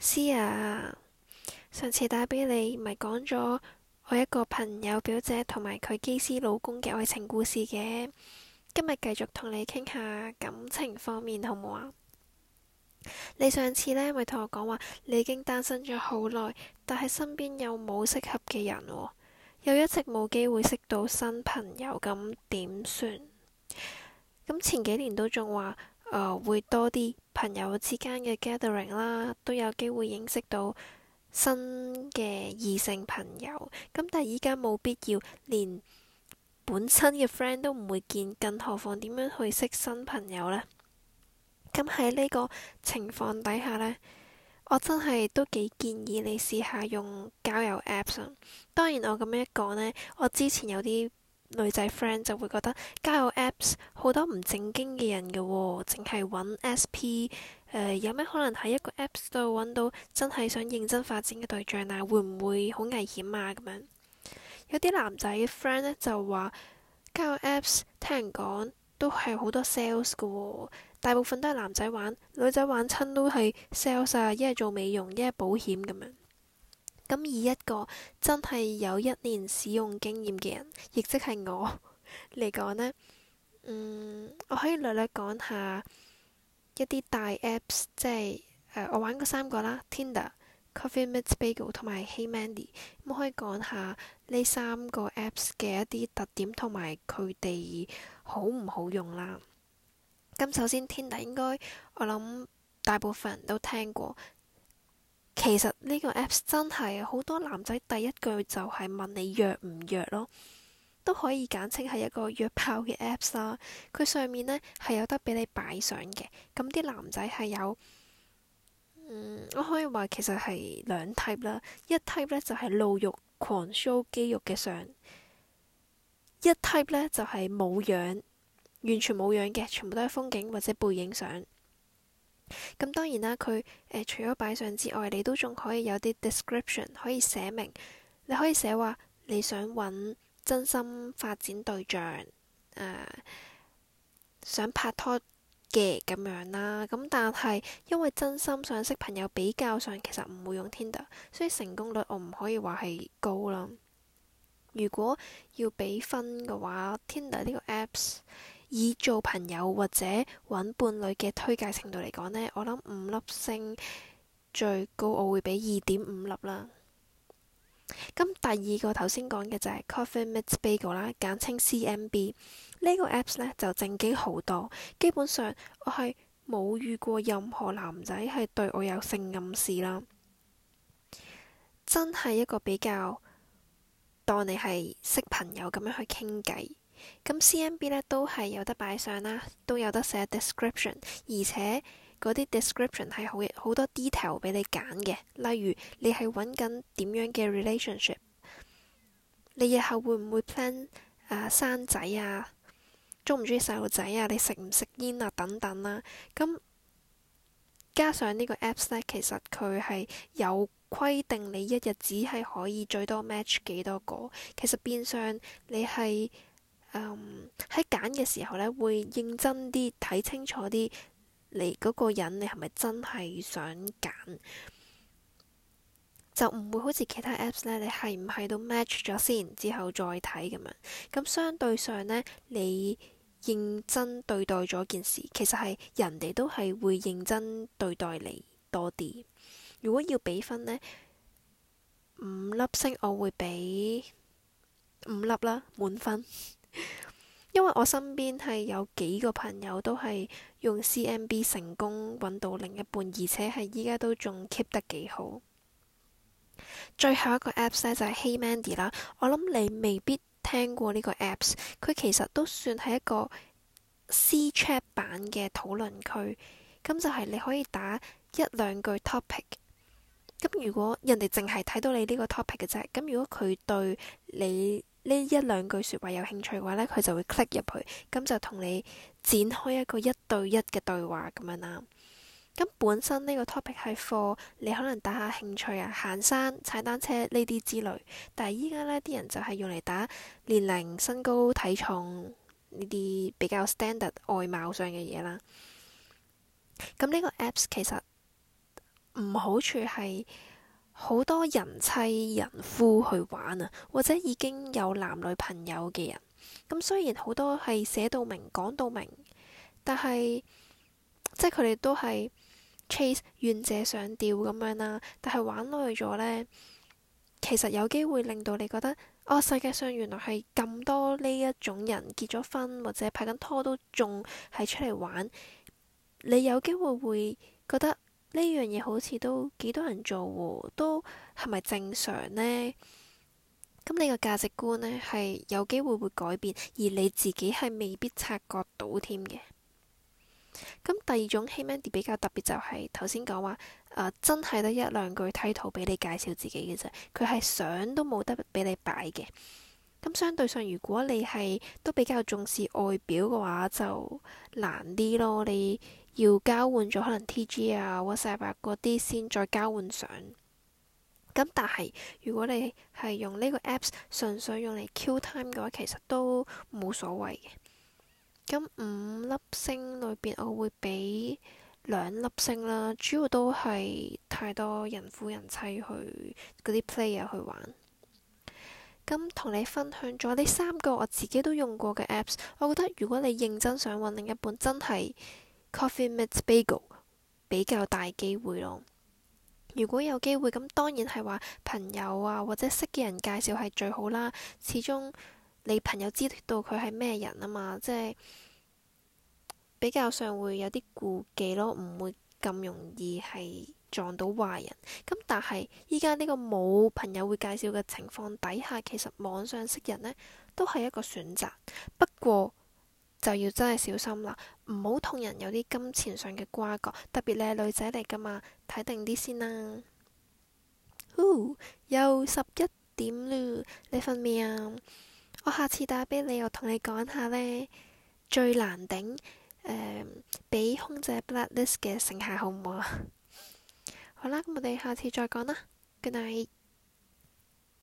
師雅、啊，上次打畀你咪講咗我一個朋友表姐同埋佢基師老公嘅愛情故事嘅，今日繼續同你傾下感情方面好唔好啊？你上次呢咪同我講話你已經單身咗好耐，但係身邊又冇適合嘅人、喎，又一直冇機會識到新朋友，咁點算？咁前幾年都仲話。誒、哦、會多啲朋友之間嘅 gathering 啦，都有機會認識到新嘅異性朋友。咁但係依家冇必要連本身嘅 friend 都唔會見，更何況點樣去識新朋友呢？咁喺呢個情況底下呢，我真係都幾建議你試下用交友 apps。當然我咁樣一講呢，我之前有啲。女仔 friend 就會覺得交友 apps 好多唔正經嘅人㗎喎，淨係揾 SP，誒、呃、有咩可能喺一個 apps 度揾到真係想認真發展嘅對象啊？會唔會好危險啊？咁樣有啲男仔 friend 咧就話交友 apps，聽人講都係好多 sales 㗎喎，大部分都係男仔玩，女仔玩親都係 sales 啊，一係做美容，一係保險咁樣。咁以一個真係有一年使用經驗嘅人，亦即係我嚟講 呢，嗯，我可以略略講下一啲大 apps，即係誒、呃、我玩過三個啦，Tinder、Coffee Meets Bagel 同埋 HeyMandy，咁可以講下呢三個 apps 嘅一啲特點同埋佢哋好唔好用啦。咁、嗯、首先，Tinder 應該我諗大部分人都聽過。其實呢個 Apps 真係好多男仔第一句就係問你約唔約咯，都可以簡稱係一個約炮嘅 Apps 啦。佢上面呢係有得俾你擺相嘅，咁啲男仔係有、嗯，我可以話其實係兩 type 啦。一 type 呢就係、是、露肉狂 show 肌肉嘅相，一 type 呢就係、是、冇樣，完全冇樣嘅，全部都係風景或者背影相。咁當然啦，佢誒、呃、除咗擺相之外，你都仲可以有啲 description 可以寫明，你可以寫話你想揾真心發展對象誒、呃，想拍拖嘅咁樣啦。咁但係因為真心想識朋友比較上，其實唔會用 Tinder，所以成功率我唔可以話係高啦。如果要俾分嘅話，Tinder 呢個 apps。以做朋友或者揾伴侶嘅推介程度嚟講呢，我諗五粒星最高，我會俾二點五粒啦。咁第二個頭先講嘅就係 Coffee Meets Bagel 啦，簡稱 CMB。這個、呢個 Apps 呢就正經好多，基本上我係冇遇過任何男仔係對我有性暗示啦。真係一個比較當你係識朋友咁樣去傾偈。咁 CMB 咧都係有得擺上啦，都有得寫 description，而且嗰啲 description 係好好多 detail 俾你揀嘅。例如你係揾緊點樣嘅 relationship，你日後會唔會 plan 啊、呃、生仔啊，中唔中意細路仔啊，你食唔食煙啊等等啦、啊。咁加上個呢個 apps 咧，其實佢係有規定你一日只係可以最多 match 幾多個。其實變相你係。嗯，喺揀嘅時候呢，會認真啲睇清楚啲。你嗰個人，你係咪真係想揀？就唔會好似其他 apps 呢，你係唔係都 match 咗先之後再睇咁樣。咁相對上呢，你認真對待咗件事，其實係人哋都係會認真對待你多啲。如果要俾分呢，五粒星我會俾五粒啦，滿分。因為我身邊係有幾個朋友都係用 CMB 成功揾到另一半，而且係依家都仲 keep 得幾好。最後一個 Apps 咧，就係 HeyMandy 啦，我諗你未必聽過呢個 Apps，佢其實都算係一個 c chat 版嘅討論區，咁就係你可以打一兩句 topic，咁如果人哋淨係睇到你呢個 topic 嘅啫，咁如果佢對你呢一兩句説話有興趣嘅話呢，佢就會 click 入去，咁就同你展開一個一對一嘅對話咁樣啦。咁本身呢個 topic 係 for，你可能打下興趣啊，行山、踩單車呢啲之類。但係依家呢啲人就係用嚟打年齡、身高、體重呢啲比較 standard 外貌上嘅嘢啦。咁呢個 apps 其實唔好處係。好多人妻人夫去玩啊，或者已經有男女朋友嘅人，咁雖然好多係寫到明講到明，但係即係佢哋都係 chase 願者上釣咁樣啦。但係玩耐咗咧，其實有機會令到你覺得哦，世界上原來係咁多呢一種人結咗婚或者拍緊拖都仲係出嚟玩，你有機會會覺得。呢樣嘢好似都幾多人做喎，都係咪正常呢？咁你個價值觀呢，係有機會會改變，而你自己係未必察覺到添嘅。咁第二種 HeyMandi 比較特別就係頭先講話，真係得一兩句梯圖俾你介紹自己嘅啫，佢係相都冇得俾你擺嘅。咁相對上，如果你係都比較重視外表嘅話，就難啲咯你。要交換咗可能 TG 啊、WhatsApp 嗰啲先再交換上。咁但係如果你係用呢個 Apps 純粹用嚟 QTime 嘅話，其實都冇所謂嘅。咁五粒星裏邊，我會俾兩粒星啦。主要都係太多人夫人妻去嗰啲 Player 去玩。咁同你分享咗呢三個我自己都用過嘅 Apps，我覺得如果你認真想揾另一半，真係～Coffee meets bagel 比較大機會咯。如果有機會，咁當然係話朋友啊或者識嘅人介紹係最好啦。始終你朋友知道佢係咩人啊嘛，即係比較上會有啲顧忌咯，唔會咁容易係撞到壞人。咁但係依家呢個冇朋友會介紹嘅情況底下，其實網上識人呢都係一個選擇。不過就要真係小心啦，唔好同人有啲金錢上嘅瓜葛，特別你係女仔嚟噶嘛，睇定啲先啦。又十一點啦，你瞓未啊？我下次打畀你，我同你講下呢，最難頂誒，俾、呃、空姐 blacklist 嘅乘客好唔好啊？好啦，咁我哋下次再講啦，good night。拜拜